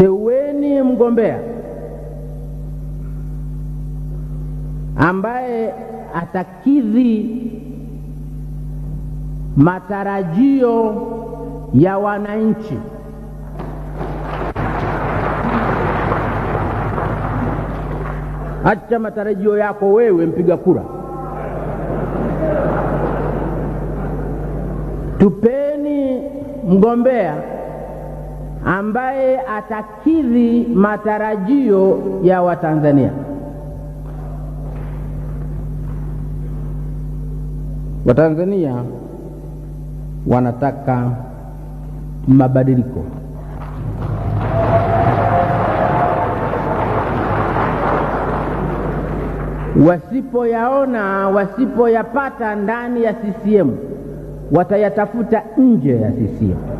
teueni mgombea ambaye atakidhi matarajio ya wananchi. Acha matarajio yako wewe mpiga kura. Tupeni mgombea ambaye atakidhi matarajio ya Watanzania. Watanzania wanataka mabadiliko. Wasipoyaona, wasipoyapata ndani ya CCM watayatafuta nje ya CCM.